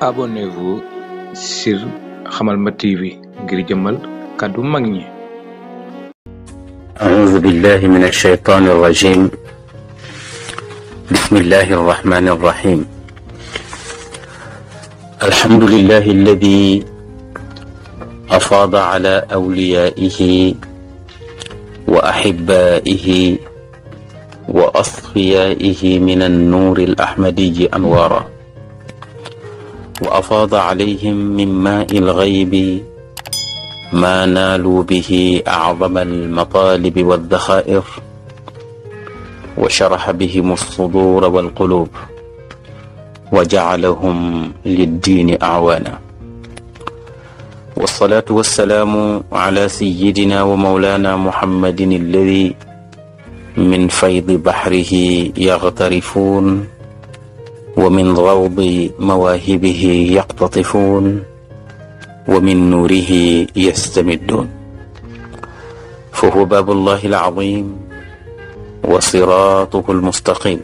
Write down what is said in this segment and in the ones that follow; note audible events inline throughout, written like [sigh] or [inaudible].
abonnez-vous sur Hamalma TV ngir jëmmal kàddu mag ñi أعوذ بالله من الشيطان الرجيم بسم الله الرحمن الرحيم الحمد لله الذي أفاض على أوليائه وأحبائه وأصفيائه من النور الأحمدي أنوارا وأفاض عليهم من ماء الغيب ما نالوا به أعظم المطالب والذخائر وشرح بهم الصدور والقلوب وجعلهم للدين أعوانا والصلاة والسلام على سيدنا ومولانا محمد الذي من فيض بحره يغترفون ومن غوض مواهبه يقتطفون ومن نوره يستمدون فهو باب الله العظيم وصراطه المستقيم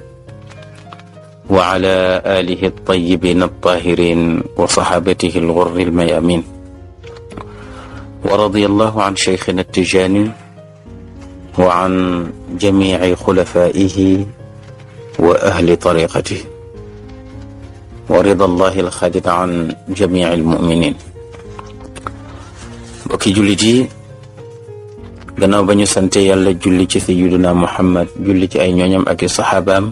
وعلى آله الطيبين الطاهرين وصحابته الغر الميامين ورضي الله عن شيخنا التجاني وعن جميع خلفائه وأهل طريقته wa ridallahi alxaalida jamii almuminin mbokki jullit yi gannaaw ba ñu sante yàlla julli ci sayyiduna muhammad julli ci ay ñooñam ak i saxaabaam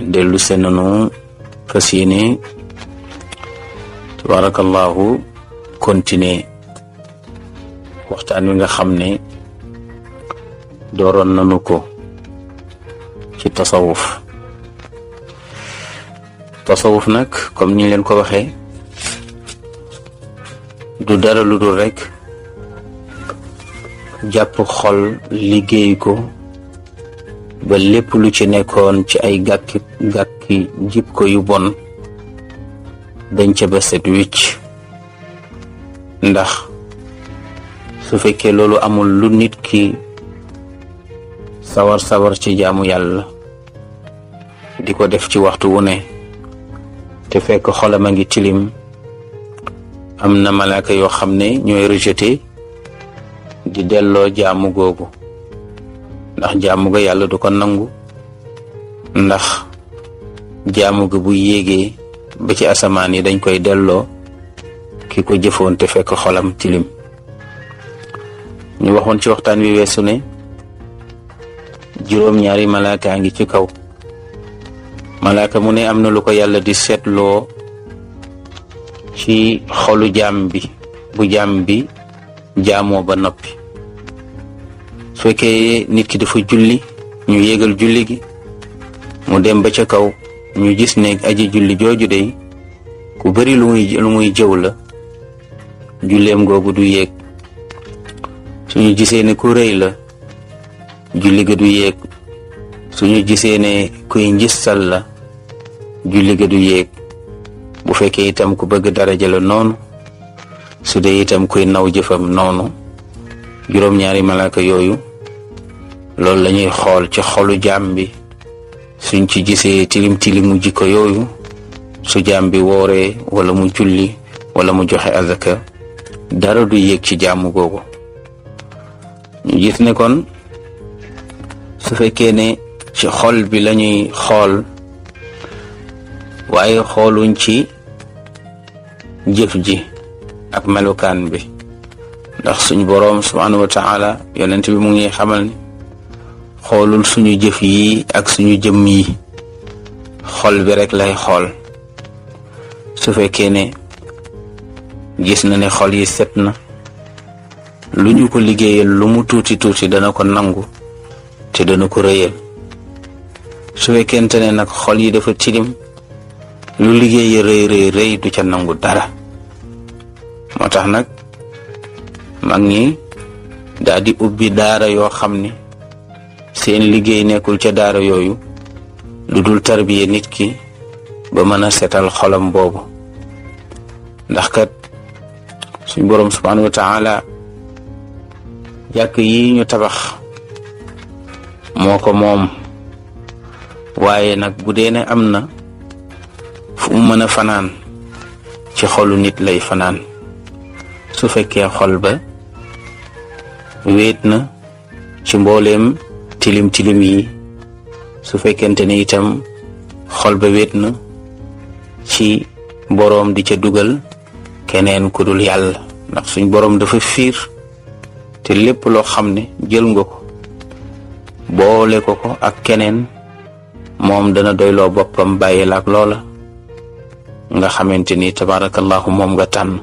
dellu se nanu fas yéene tabarakallahu continuer waxtaan wi nga xam ne dooroon nanu ko ci tasawuf tasawuf nag comme ni leen ko waxe du dara lu dul rekk jàpp xol liggéey ko ba lépp lu ci nekkoon ci ay gàkki gàkki jib ko yu bon dañ ca ba set wicc ndax su fekkee loolu amul lu nit ki sawar sawar ci jaamu yàlla di ko def ci waxtu wu ne te fekk xolam a ngi tilim am na malaaka yoo xam ne ñooy rejeté di delloo jaamu googu ndax jaamu ga yàlla du ko nangu ndax jaamu ga bu yéegee ba ci asamaan yi dañ koy delloo ki ko jëfoon te fekk xolam tilim ñu waxoon ci waxtaan wi weesu ne juróom-ñaari malaaka ngi ci kaw malaaka mu ne am na lu ko yàlla di seetloo ci xolu jaam bi bu jaam bi jaamoo ba noppi su nit ki dafa julli ñu yéegal julli gi mu dem ba ca kaw ñu gis ne julli jooju dey ku bari lu muy lu muy jëw la julleem googu du yéeg suñu gisee ne ku rëy la julli ga du yéeg suñu gisee ne kuy njissal la julli ga du yéeg bu fekkee itam ku bëgg daraja la noonu su dee itam kuy naw jëfam noonu juróom-ñaari malaaka yooyu loolu lañuy xool ci xoolu jaam bi suñ ci gisee tilim mu jiko yooyu su jaam bi wooree wala mu julli wala mu joxe azaka dara du yéeg ci jaamu googu ñu gis ne kon su fekkee ne ci xol bi lañuy xool waaye xooluñ ci jëf ji ak melukaan bi ndax suñ boroom subhaanahu wa taala yonent bi mu ngi xamal ni xoolul suñu jëf yi ak suñu jëm yi xol bi rek lay xool su fekkee ne gis na ne xol yi set na lu ñu ko liggéeyal lu mu tuuti tuuti dana ko nangu te dana ko rëyal su fekkente ne nag xol yi dafa tilim lu liggéey rëy rëy rëy du ca nangu dara moo tax nag mag ñi daa ubbi daara yoo xam ni seen liggéey nekkul ca daara yooyu lu dul tarbiye nit ki ba mën a setal xolam boobu ndax kat suñ boroom subhaanahu wa taala jàkk yi ñu tabax moo ko moom waaye nag bu dee ne am na fu mu mën a fanaan ci xolu nit lay fanaan su fekkee xol ba wéet ci mbooleem tilim tilim yi su fekkente ne itam xol ba wéet ci boroom di ca dugal keneen ku dul yàlla ndax suñ boroom dafa fiir te lépp loo xam jël nga ko boole ko ko ak keneen mom dana doyloo boppam bàyyi lola. nga xamante ni tabaarakallahu moom nga tànn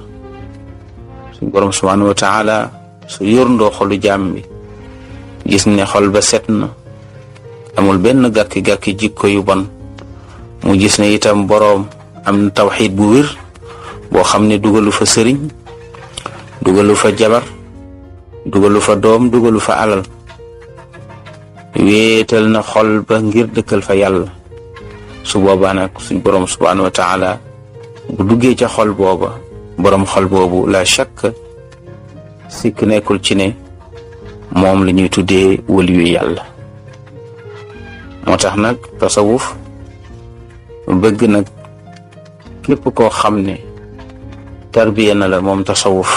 suñ borom subhaanahu wa taala su yërndoo xolu jaam bi gis ne xol ba set na amul benn gàkki-gàkki jikko yu bon mu gis ne itam boroom am na bu wér boo xam ne dugalu fa sëriñ dugalu fa jabar dugalu fa doom dugalu fa alal wéetal na xol ba ngir dëkkal fa yàlla su boobaa nag suñ borom subhaanahu wa taala bu duggee ca xol booba boroom xol boobu la chàkk sikk nekkul ci ne moom la ñuy tuddee waliyu yàlla moo tax nag tasawuf bëgg nag képp koo xam ne tarbiya na la moom tasawuf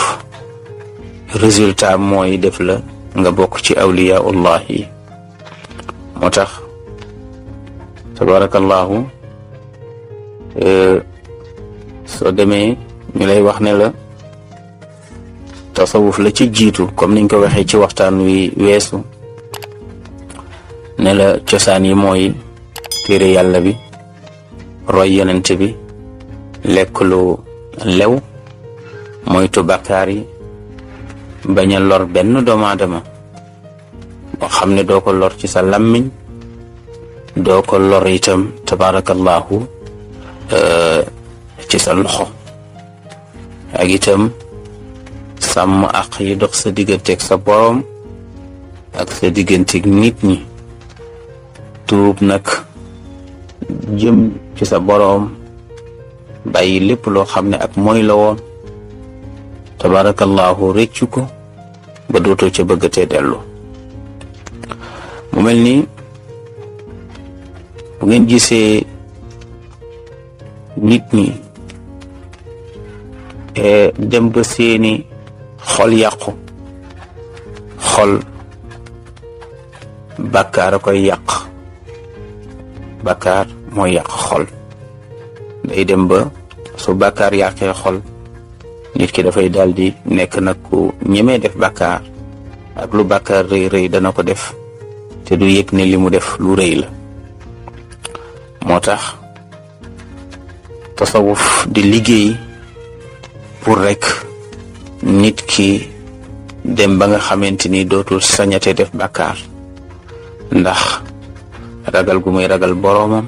résultat mooy def la nga bokk ci awliyaullah yi moo tax tabarakallahu euh, soo demee ñu lay wax ne la tasawuf la ci jiitu comme niñ ko waxee ci waxtaan wi weesu ne la cosaan yi mooy téere yàlla bi roy yonent bi lekk lew moytu bàkkaar yi bañ a lor benn doomu aadama boo xam ne doo ko lor ci sa làmmiñ doo ko lor itam tabaarakallaahu euh, sa loxo ak itam sàmm ak yi dox sa digganteeg sa borom ak sa digganteeg nit ñi tuub nag jëm ci sa borom bàyyi lépp loo xam ne ak mooy la woon tabarakallahu réccu ko ba dootoo ca bëggatee dellu mu mel ni bu ngeen gisee nit ñi dem ba seeni xol yàqu xol bàkkaar a koy yàq bàkkaar mooy yàq xol day dem ba su bàkkaar yàqee xol nit ki dafay daal di nekk nag ku ñemee def bàkkaar ak lu bàkkaar rëy rëy dana ko def te du yëg ne li mu def lu rëy la moo tax tasawuf di liggéey pour rek nit ki dem ba nga xamante ni dootul sañate def bàkkaar ndax ragal gu muy ragal boroomam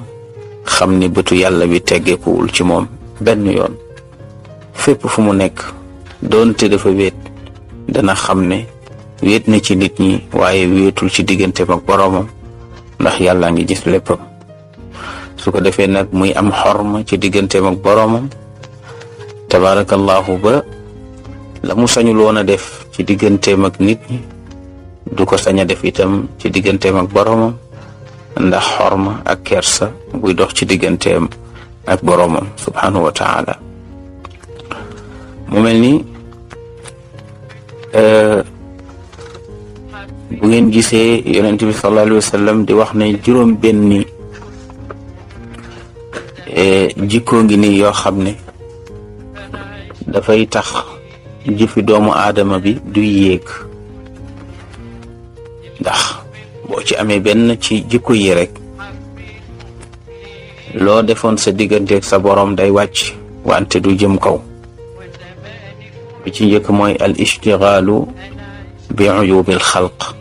xam ni bëtu yàlla wi tegekuwul ci moom benn yoon fépp fu mu nekk doonte dafa wéet dana xam ne wéet na ci nit ñi waaye wéetul ci diggante ak boroomam ndax yàlla ngi gis léppam su ko defee nag muy am xorma ci diggante ak boroomam tabaarakallaahu ba la mu sañul woon a def ci digganteem ak nit ñi du ko sañ def itam ci digganteem ak boromam ndax xorma ak kersa buy dox ci digganteem ak boromam subhanahu wa taala mu mel ni euh, bu ngeen gisee yonent bi sallallahu di wax ne juróom benni euh, jikko ngi nii yoo xam ne dafay tax jëfi doomu aadama bi du yéeg ndax boo ci amee benn ci jikko yi rek loo defoon sa digganteeg sa boroom day wàcc wante du jëm kaw bi ci njëkk mooy al ishtigaalu bi uyubil xalq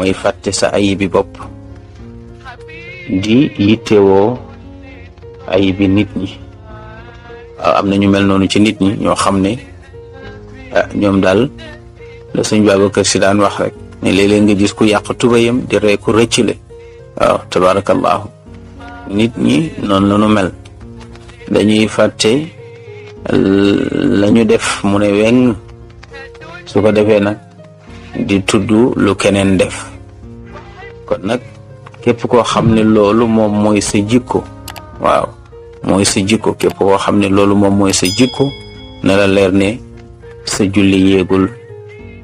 mooy fàtte sa ayibi bopp di yittewoo ayibi nit ñi am na ñu mel noonu ci nit ñi ñoo xam ne ah, ñoom daal la sëñ Babacar Si daan wax rek ne léeg-léeg nga gis ku yàq tubayam di rey ku rëccule waaw tabaarakallaahu nit ñi noonu la ñu mel dañuy fàtte lañu def mu ne weng su ko defee nag di tudd lu keneen def kon nag képp koo xam ne loolu moom mooy sa jikko mooy sa jikko képp koo xam ne loolu moom mooy sa jikko na la leer ne sa julli yéegul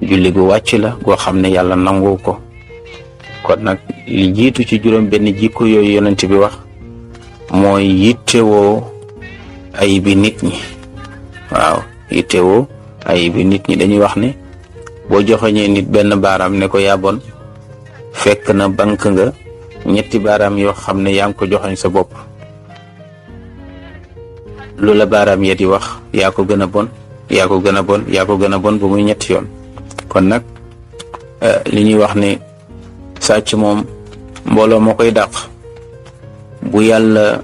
julli gu wàcc la goo xam ne yàlla nangu ko kon nag li jiitu ci juróom benn jikko yooyu yonent bi wax mooy yittewoo ay bi nit ñi waaw yittewoo ay bi nit ñi dañuy wax ne boo joxoñee nit benn baaraam ne ko yaa bon fekk na bank nga ñetti baaraam yoo xam ne yaa ngi ko joxoñ sa bopp lu la baaraam ya di wax yaa ko gën a bon yaa ko gën a bon yaa ko gën a bon ba muy ñetti yoon kon nag euh, li ñuy wax ne sàcc moom mbooloo moo koy dàq bu yàlla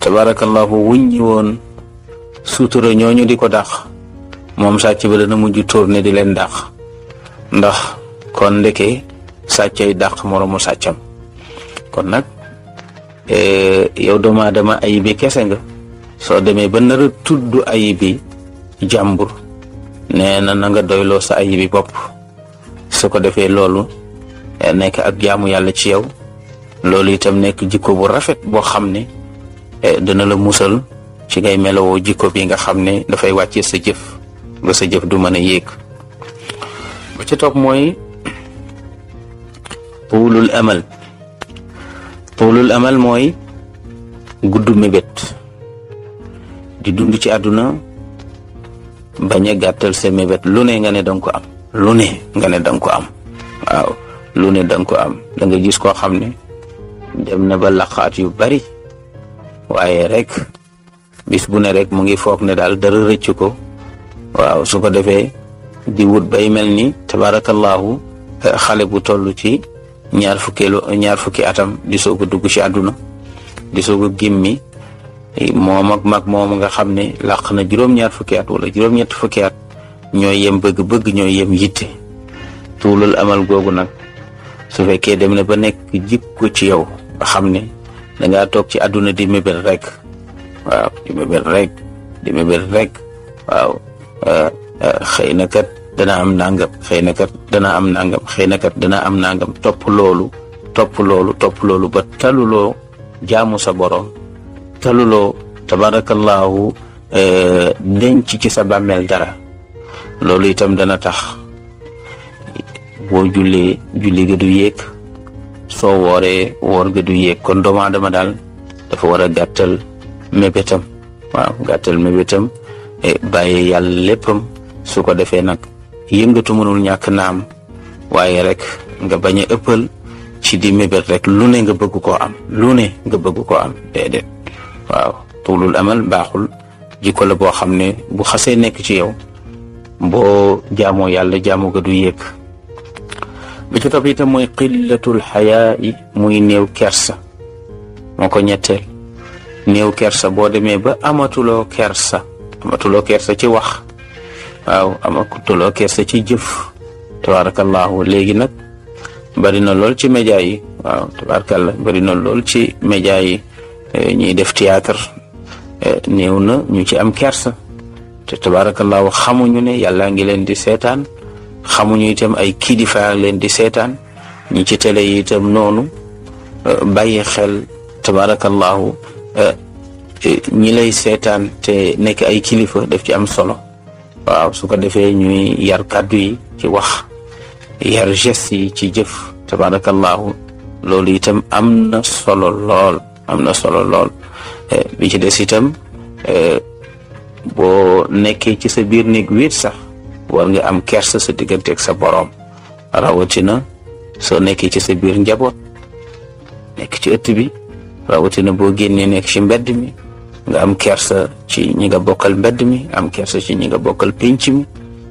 tabaarakallahu wuññi woon suutura ñooñu di ko dàq moom sàcc ba dana mujj tourné di leen dàq ndax kon ndeke sàccay dàq moroomu sàccam kon nag euh, yow doomu aadama ay bi kese nga soo demee ba nar tuddu tudd ayibi jàmbur ne na na nga doyloo sa ayibi bopp su ko defee loolu eh, nekk ak jaamu yàlla ci yow loolu itam nekk jikko bu rafet boo xam ne eh, dina la musal ci ngay melowoo jikko bi nga xam ne dafay wàcce sa jëf ba sa jëf du mën a yéeg ba ci topp mooy tuulul amal tuulul amal mooy gudd mébét di dund ci àdduna bañ a gàttal sa lu ne nga ne danga ko am lu ne nga ne danga ko am waaw lu ne danga am da nga gis koo xam ne dem na ba laqaat yu bari waaye rek bis bu ne rek mu ngi foog ne daal dara rëcc ko waaw su ko defee di wut bay mel ni tabaarakallaahu eh, xale bu toll ci ñaar fukkeelu atam di soog a dugg ci àdduna di soog a gimmi moom ak mag moom nga xam ne làq na juróom-ñaar fukki at wala juróom-ñett fukki at ñooy yem bëgg-bëgg ñooy yem yitte tuulul amal googu nag su fekkee dem na ba nekk jik ko ci yow nga xam ne dangaa toog ci àdduna di mébél rek waaw di mébél rek di mébél eh, eh, na kat dana am nangam xëy na kat dana am nangam xëy na kat dana am nangam topp loolu topp loolu topp loolu ba taluloo jaamu sa borom talulo tabarakallahu denc ci sa bàmmeel dara loolu itam dana tax boo jullee julli ga du yéeg soo wooree woor ga du yéeg kon doomu dama daal dafa war a gàttal mébétam waaw gàttal mébétam bàyyi yàlla léppam su ko defee nag yëngatu mënul ñàkk naam waaye rek nga bañ a ëppal ci di mébét rek lu ne nga bëgg koo am lu ne nga bëgg koo am déedéet waaw tuulul amal baaxul jikko la boo xam ne bu xasee nekk ci yow bo jaamoo yàlla jaamoo ga du yéeg bi ci topp itam mooy xillatul xayaa muy néew kersa moo ko ñetteel néew kersa boo demee ba amatuloo kersa amatuloo kersa ci wax waaw amatuloo kersa ci jëf tabaarakallaahu léegi nag bari na lool ci média yi waaw tabaarakallaa bari na lool ci média yi Eh, ñu def théâtre eh, néew na ñu ci am kersa te tabaarakallaahu xamuñu ne yàlla ngi leen di seetaan xamuñu itam ay kilifa leen di seetaan ñu ci télé yi itam noonu eh, bàyyi xel tabaarakallaahu ñi lay seetaan te nekk ay kilifa def ci am solo waaw su ko defee ñuy yar kàddu yi ci wax yar geste yi ci jëf tabaarakallaahu loolu itam am na solo lool am na solo lool eh, bi ci des itam eh, boo nekkee ci sa biir néeg wéet sax war nga am kersa sa digganteeg sa boroom rawatina soo nekkee ci sa biir njaboot nekk ci ëtt bi rawatina boo génnee nekk ci mbedd mi nga am kersa ci ñi nga bokkal mbedd mi am kersa ci ñi bokkal pénc mi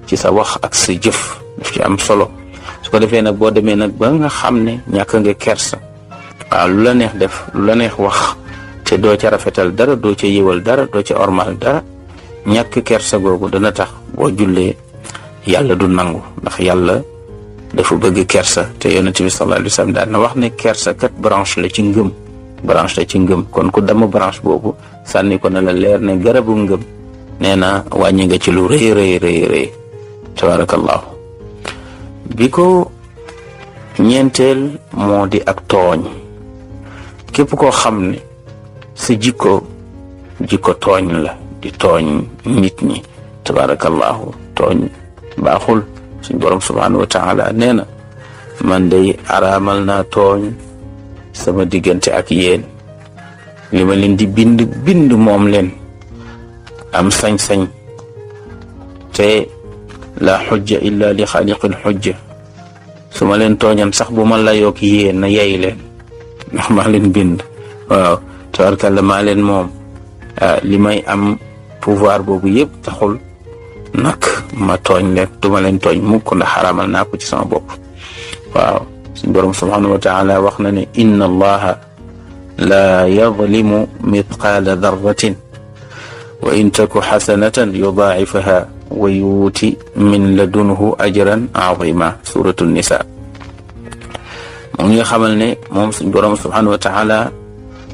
ci sa wax ak sa jëf ci am solo su ko defee nag boo demee nag ba nga xam ne ñàkk nga kersa waaw lu la neex def lu la neex wax te doo ca rafetal dara doo ca yëwal dara doo ca ormal dara ñàkk kersa googu dana tax boo jullee yàlla du nangu ndax yàlla dafa bëgg kersa te yonent bi sallallahu alayhi wa sallam na wax ne kersa kat branche la ci ngëm branche la ci ngëm kon ku dama branche boobu sànni ko na la leer ne garabu ngëm nee na wàññi nga ci lu rëy rëy rëy rëy tabarakallahu bi ko ñeenteel moo di ak tooñ képp koo xam ne sa jikko jikko tooñ la di tooñ nit ñi tabarakallahu tooñ baaxul suñ borom subhanahu wa taala nee na man day araamal naa tooñ sama diggante ak yéen li ma leen di bind bind moom leen am sañ-sañ te la xujja illa li xaaliqil xujja su ma leen tooñan sax bu ma layoog yéen na yey leen ndax maa leen bind waaw tabarkalla maa leen moom li may am pouvoir boobu yëpp taxul nag ma tooñ leen duma leen tooñ mukk ndax xaraamal naa ko ci sama bopp waaw suñ borom subhanahu wa taala wax na ne inna allaha la yadlimu mithqala darratin wa in taku xasanatan yudaacifaha wa yuuti min ladunhu ajran cadima suratu nisa moom ñu xamal ne moom suñ borom subhanahu wa taala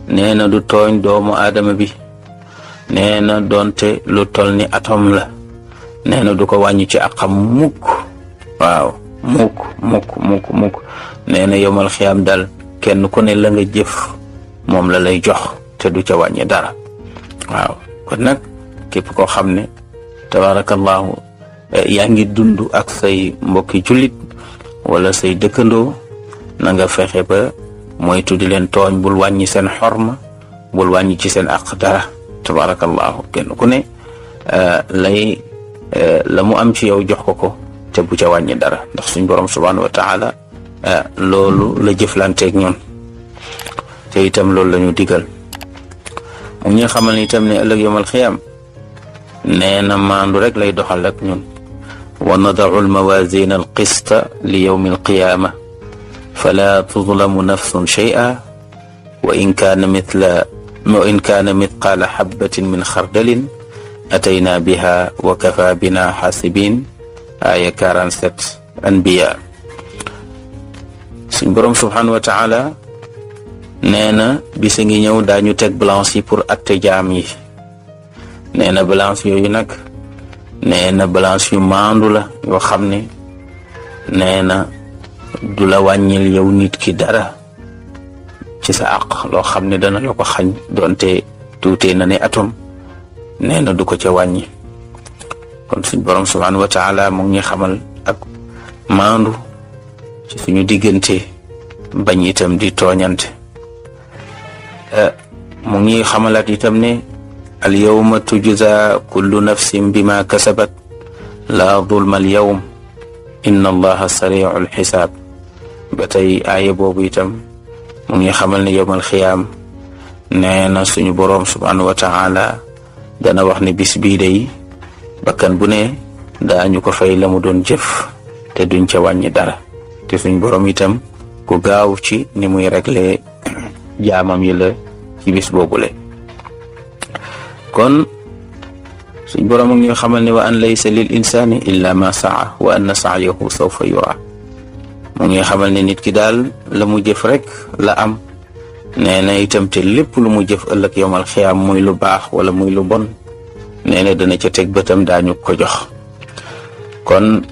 nee na du tooñ doomu aadama bi nee na doonte lu tol ni atom la nee na du ko wàññi ci àqam mukk waaw mukk mukk mukk mukk nee yomal xiyaam daal kenn ku ne langa nga jëf moom la lay jox te du ca wàññi dara waaw kon nag képp koo xam ne tabaarakallaahu eh, yaa ngi dund ak say mbokki jullit wala say dëkkandoo na nga fexe ba moy tuddi len togn bul wañi sen xorma bul wañi ci sen àq dara tabarakallahu kenn ku ne lay lamu am ci yow jox ko ko te bu ca wañi dara ndax suñu borom subhanahu wa taala lolu la jëflanté ak ñun te itam lolu lañu ñu digal mu ñu xamal ni itam ne ëllëg yomal xiyam nee na maandu rek lay doxal ak ñun wa nadau almawasina alqista li yowmi alqiyama fala tuzlamu nafsun shay'a wa in kaana mithla wa in kaana mithqaala xabbatin min xardalin ataynaa biha wa kafa bina xaasibin aaya 47 anbiya suñ boroom subhaanahu wa taala nee na bisa ngi ñëw daañu teg balance yi pour atte jaam yi nee na balance yooyu nag nee na balance yu maandu la yoo xam ne nee na dula la wàññil yow ki dara ci sa àq loo xam ne dana la ko xañ donte tuutee na ne atom nee na du ko ca wàññi kon suñ borom subhaanahu wa taala mu ngi xamal ak maandu ci suñu diggante bañ itam di tooñante eh, mu ngi xamalaat itam ne al yawma tujza kullu nafsin bima kasabat la zulma al yawm inna allaha sari'ul xisaab ba tey aaya boobu itam mu ngi xamal ne yomal xiyaam nee na suñu boroom subhaanahu wa taala dana wax ne bis bii day bakkan bu ne daañu ko fay la mu doon jëf te duñ ca wàññi dara te suñ boroom itam ku gaaw ci ni muy régler [clears throat] jaamam yi la ci bis boobule kon suñ borom ak ñu xamal ne wa an laysa lil insaani illa ma saa wa anna saayahu sawfa yura mu ñuy xamal ne nit ki daal la mu jëf rek la am nee na itam te lépp lu mu jëf ëllëg yomal am muy lu baax wala muy lu bon nee na dana ca teg bëtam daañu ko jox kon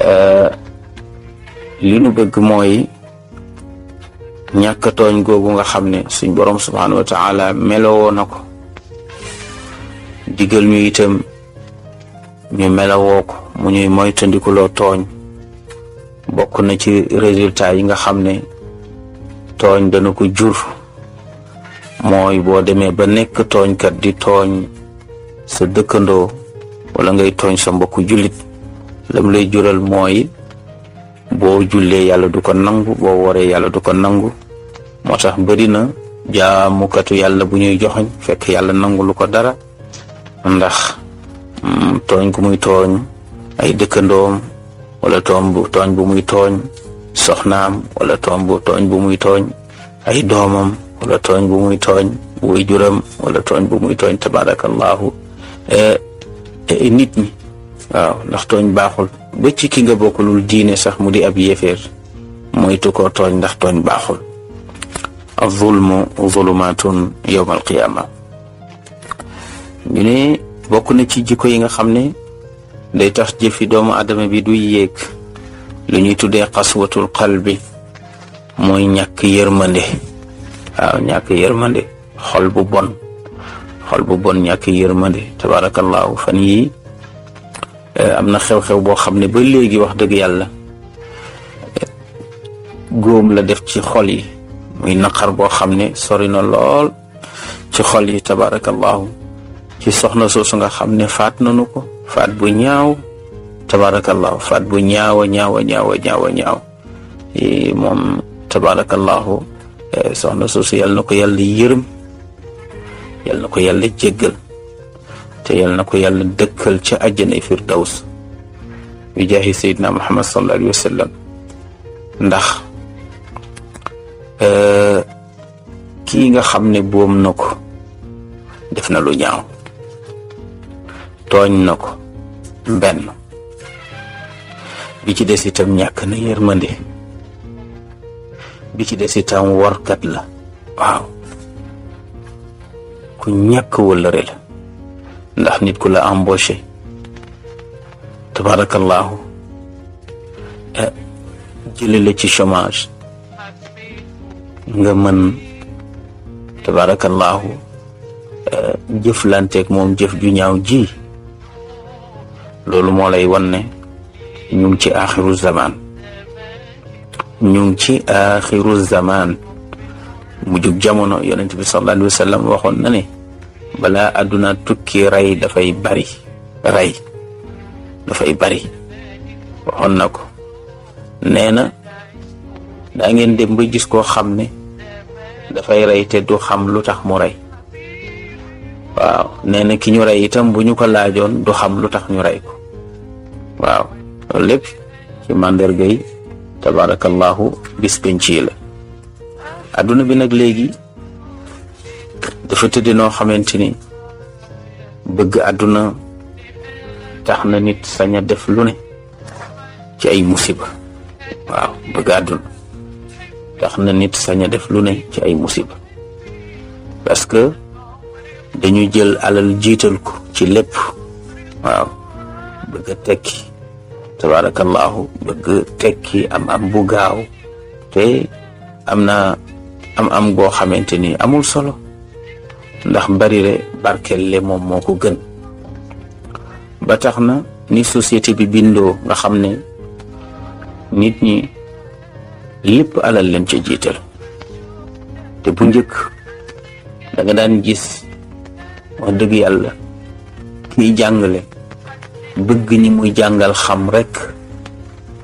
euh, li nu bëgg mooy ñàkk tooñ googu nga xam ne suñ borom subhaanahu wa taala melowoo na ko digal ñu itam ñu melowoo ko mu ñuy moytandikuloo tooñ bokk na ci résultat yi nga xam ne tooñ dana ko jur mooy boo demee ba nekk tooñkat di tooñ sa dëkkandoo wala ngay tooñ sa mbokku jullit lam lay jural mooy boo jullee yàlla du ko nangu boo wore yàlla du ko nangu moo tax bëri na jaamukatu yàlla bu ñuy joxoñ fekk yàlla nangu lu ko dara ndax mm, tooñ ku muy tooñ ay dëkkandoom wala tooñ bu tooñ bu muy tooñ soxnaam wala tooñ bu tooñ bu muy tooñ ay doomam wala tooñ bu muy tooñ way juram wala tooñ bu muy tooñ tabarakallahu nit ñi waaw ndax tooñ baaxul ba ci ki nga bokkulul diine sax mu di ab yéeféer moytu ko tooñ ndax tooñ baaxul الظلم ظلمات يوم القيامة ñu ne bokk na ci jikko yi nga xam ne day tax jëfi doomu aadama bi du yéeg lu ñuy tuddee xaswatul qalbi mooy ñàkk yërmande waaw ñàkk yërmande xol bu bon xol bu bon ñàkk yërmande tabaarakallaahu fan yii eh, am na xew-xew boo xam ne ba léegi wax dëgg yàlla eh, góom la def ci xol yi muy naqar boo xam ne sori na lool ci xol yi tabaarakallaahu ci soxna soosu nga xam ne faat nanu ko faat bu ñaaw tabarakallahu faat bu ñaaw a ñaaw a ñaaw a moom tabarakallahu eh, soxna suusu yal na ko yàlla yërëm yal na ko yàlla jéggal te yal na ko yàlla dëkkal ca àjjana firdaws bi jaahi sayidina muhammad sallallahu alayhi wa sallam ndax eh, kii nga xam ne boom na ko def na lu ñaaw tooñ na ko benn bi ci des itam ñàkk na yërmande bi ci des itam warkat la waaw ku ñàkk wëllëre la ndax nit ku la embauché tabaarakallaahu eh, jële la ci chômage nga mën tabaarakallaahu eh, jëflanteeg moom jëf ju ñaaw ji loolu moo lay wan ne ñu ngi ci axiru zaman ñu ngi ci axiru zaman mu jug jamono yonent bi sallallahu alayhi wa sallam waxoon na ne balaa àdduna tukki rey dafay bari rey dafay bari waxoon na ko nee na daa ngeen dem ba gis koo xam ne dafay rey te du xam lu tax mu rey waaw nee na ki ñu rey itam bu ñu ko laajoon du xam lu tax ñu rey ko waaw loolu lépp ci màndarga yi tabaarakallaahu bis penc la adduna bi nag léegi dafa tëddi noo xamante ni bëgg àdduna tax na nit sañ def lu ne ci ay musiba waaw bëgg àdduna tax na nit sañ def lu ne ci ay musiba parce que dañuy jël alal jiital ko ci lépp waaw bëgg a tekki tabaarakallaahu bëgg tekki am am bu gaaw te am na am am goo xamante ni amul solo ndax bari le barkel le moom moo ko gën ba na ni société bi bindoo nga xam ne nit ñi lépp alal leen ci jiital te bu njëkk da daan gis wax dëgg yàlla kiy jàngale bëgg ñi muy jàngal xam rekk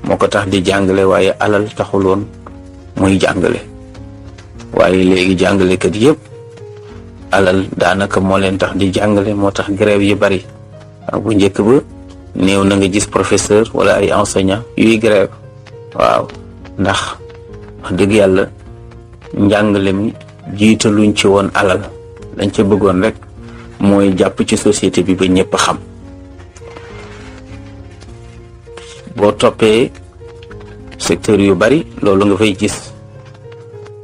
moo ko tax di jàngale waaye alal taxuloon muy jàngale waaye léegi jàngalekat yépp alal daanaka moo leen tax di jàngale moo tax grève yi bari bu njëkk ba néew na nga gis professeur wala ay enseignant yuy grève waaw ndax wax dëgg yàlla njàngale mi jiitaluñ ci woon alal dañ ca bëggoon rek mooy jàpp ci société bi ba ñëpp xam boo toppee secteur yu bari loolu nga fay gis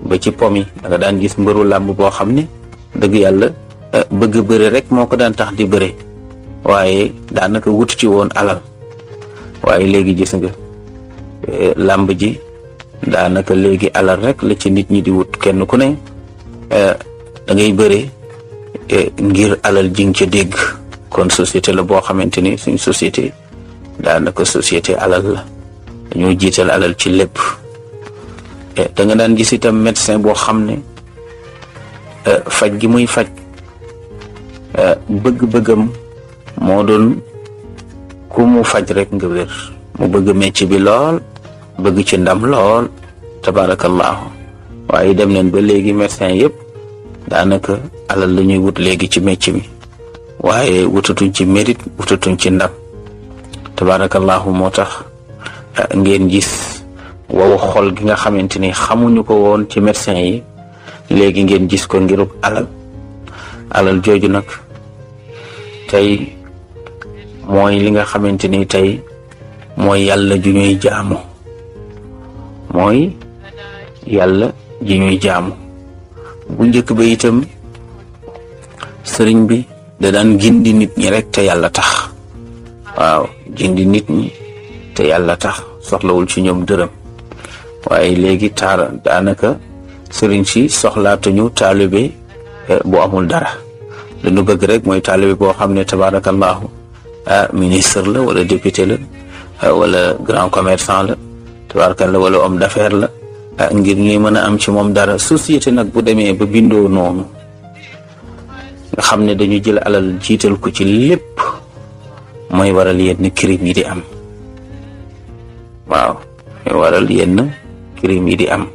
ba ci pom yi da daan gis mbëru làmb boo xam ne dëgg yàlla eh, bëgg bëre rek moo ko daan tax di bëre waaye daanaka wut ci woon alal waaye léegi gis nga eh, làmb ji daanaka léegi alal rek la ci nit ñi di wut kenn ku ne eh, dangay ngay E ngir alal ji nga ca dégg kon société la boo xamante ni suñ société daanaka société alal la dañoo jiitel alal ci lépp e da nga daan gis itam médecin boo xam ne e, faj gi muy faj bëgg-bëggam moo doon ku mu faj rek nga wér mu bëgg métier bi lool bëgg ci ndam lool tabaarakallaahu waaye dem nañ ba léegi médecin yëpp. daanaka alal la ñuy wut léegi ci mécc mi waaye wutatuñ ci mérite wutatuñ ci ndam tabaarakallaahu moo tax ngeen gis waw xol gi nga xamante ni xamuñu ko woon ci médecin yi léegi ngeen gis ko ngirub alal alal jooju nag tey mooy li nga xamante ni tey mooy yàlla ju ñuy jaamu mooy yàlla ji ñuy jaamu bu njëkk ba itam sëriñ bi da daan nit ñi rek te yàlla tax waaw gindi nit ñi te yàlla tax soxlawul ci ñoom dërëm waaye léegi taar daanaka sëriñ si soxlaatuñu taalibe eh, bu amul dara lu nu bëgg rek mooy taalibe boo xam ne tabaarakallaahu ah ministre la wala député la ah, wala grand commerçant la tabaarakallaahu wala homme d'affaires la Ah, ngir ñuy mën a am ci moom dara société nag bu demee ba bindoo noonu nga xam ne dañu jël alal jiital ko ci lépp mooy waral yenn crime yi di am waaw mooy waral yenn crime yi di am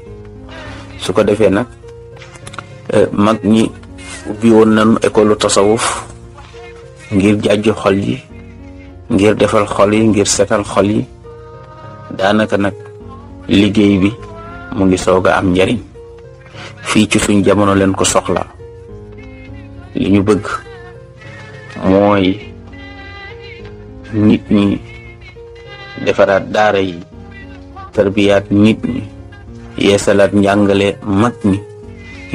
su ko defee nag eh, mag ñi ubbi na nañu école tasawuf ngir jàjj xol yi ngir defal xol yi ngir setal xol yi daanaka nag liggéey bi mu ngi soog a am njariñ fii ci suñ jamono leen ko soxla li ñu bëgg mooy nit ñi defaraat daara yi tarbiyaat nit ñi yeesalaat njàngale mag ñi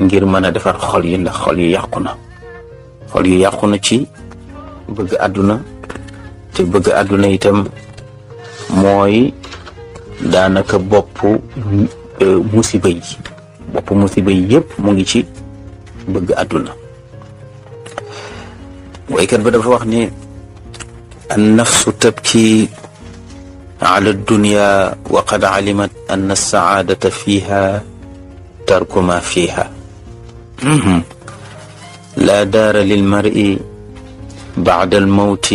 ngir mën a defar xol yi ndax xol yi yàqu na xol yi yàqu na ci bëgg àdduna te bëgg àdduna itam mooy daanaka bopp النفس تبكي على الدنيا وقد علمت أن السعادة فيها ترك ما فيها لا دار للمرء بعد الموت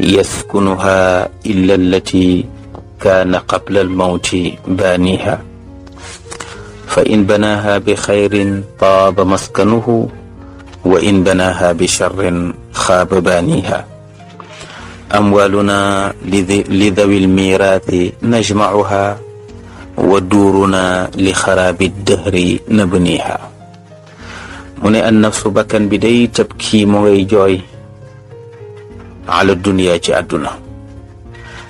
يسكنها إلا التي كان قبل الموت بانيها فإن بناها بخير طاب مسكنه وإن بناها بشر خاب بانيها أموالنا لذوي الميراث نجمعها ودورنا لخراب الدهر نبنيها من النفس بكا بدي تبكي موي جوي على الدنيا ci لأن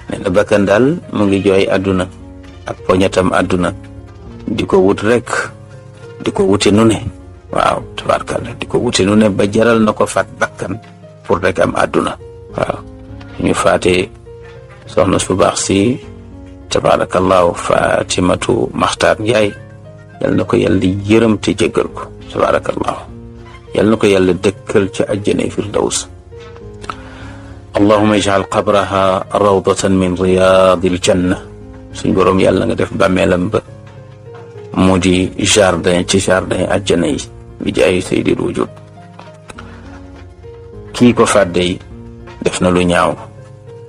nee na bakkan جوي أدنا ngi jooy أدنا di ko wut rek di ko wuti nu ne waaw tabarkalla di ko wuti nu ba jaral na ko faat bakkan pour rek am àdduna waaw ñu faate soxna su baax si tabaarakallaahu Fatimatu Maxtaar Njaay yal na ko yàlla yërëm te jéggal ko tabaarakallaahu yal na ko yàlla dëkkal ci àjjana firdaws allahuma ijal qabraha rawdatan min riyaadil janna suñ boroom yàlla nga def bàmmeelam mu di jardin ci jardin àjjana yi bi di ay saydil wujud kii ko fàdde yi def na lu ñaaw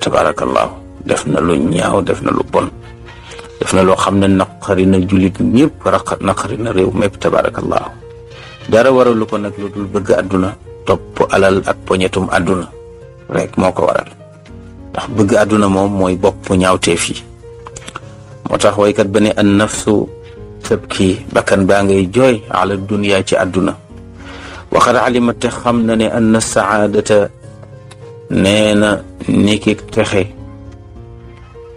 tabaarakallaahu def na lu ñaaw def na lu bon def na loo xam ne naqari na jullit ñëpp raq naqari na réew mépp tabaarakallaahu dara waralu ko nag lu dul bëgg àdduna topp alal ak poñetum àdduna rek moo ko waral ndax bëgg àdduna moom mooy bopp ñaawteef yi moo tax waykat ba ne an nafsu tabki bakkan baa ngay jooy ala dunia ci àdduna waxad alima te xam na ne ana saadata nee na texe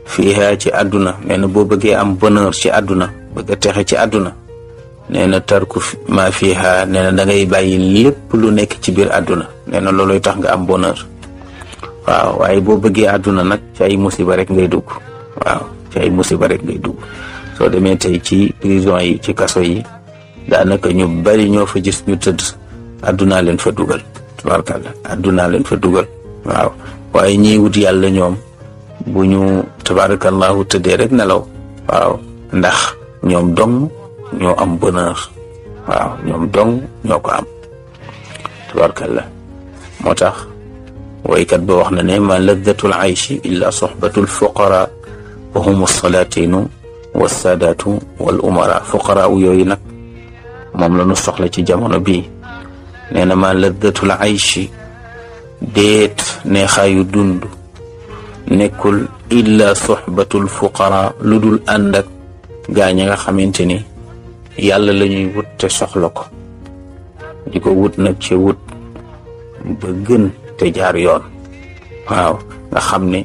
fiiha ci àdduna nee na boo bëggee am bonheur ci àdduna bëgga texe ci àdduna nee na tarku ma fiiha nee na da bàyyi lépp lu nekk ci biir àdduna nee na tax nga am bonheur waaw waaye boo bëggee àdduna nag ci ay musiba rek ngay dugg waaw ci ay musiba rek ngay dugg soo demee tey ci prison yi ci kaso yi daanaka ñu bari ñoo fa gis ñu tëdd àddunaa leen fa dugal leen fa waaw waaye ñiy wut yàlla ñoom bu ñu tabaarakallaahu tëddee rek nelaw waaw ndax ñoom dong ñoo am bonheur waaw ñoom dong ñoo ko am tabaarkalla moo tax waykat ba wax na ne ma laddatul ayshi illa soxbatul fuqara wa humu salaatinu wa saadaatu wal umara fuqaraa yooyu moom la soxla ci jamono bii nee na ma laddatul ayshi déet neexaayu dund nekkul illa soxbatul lu dul ànd ak gaañ nga xamante ni yàlla lañuy ñuy wut te soxla ko di ko wut nag ci wut ba te jaar yoon waaw nga xam ne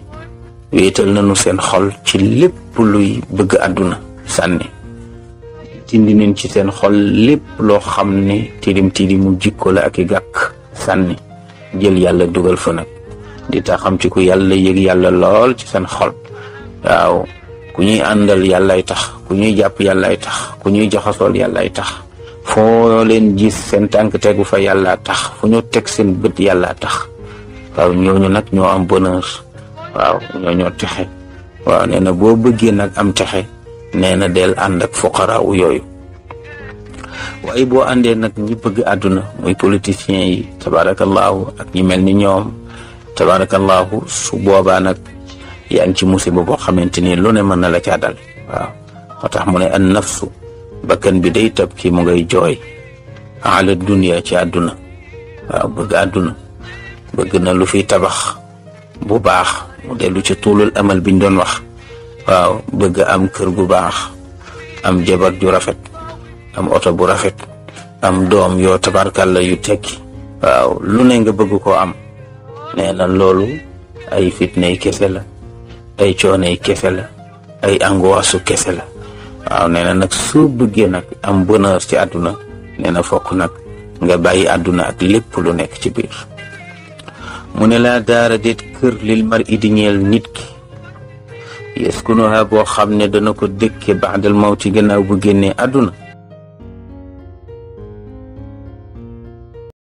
wéetal nañu seen xol ci lépp luy bëgg àdduna sànni tindi nañ ci seen xol lépp loo xam ne tilim tilimu jikko la ak gàkk sànni jël yàlla dugal fa nag di taxam ci ku yàlla yëg yàlla lool ci seen xol waaw ku ñuy àndal yàllaay tax ku ñuy jàpp yàlla yàllaay tax ku ñuy yàlla yàllaay tax foo leen gis seen tànk tegu fa yàlla tax fu ñu teg seen bët yàlla tax waaw ñooñu nag ñoo am bonheur waaw ñoo ñoo texe waaw nee na boo bëggee nag am texe nee na del ànd ak foqaraawu yooyu waaye boo àndee nag ñi bëgg àdduna muy politiciens yi tabaarakallaahu ak ñi mel ni ñoom tabaarakallaahu su boobaa nag yaa ngi ci musiba boo xamante ni lu ne mën na la caa dal waaw moo tax mu ne an nafsu bakkan bi day tab ki mu ngay jooy ala dunia ci àdduna waaw bëgg àdduna bëgg na lu fi tabax bu baax mu dellu ca tuulul amal biñ doon wax waaw bëgg am kër gu baax am jabar ju rafet am oto bu rafet am doom yoo tabarkalla yu tekki waaw lu ne nga bëgg koo am nee na loolu ay fitnay kese la ay coonay kese la ay angoisse kese la waaw nee na nag soo bëggee nag am bonheur ci àdduna nee na fokk nag nga bàyyi àdduna ak lépp lu nekk ci biir mu ne laa daara déet kër lil mar idi ñeel nit ki yeskunuha boo xam ne dana ko dëkke baadal mawti gannaaw bu génnee àdduna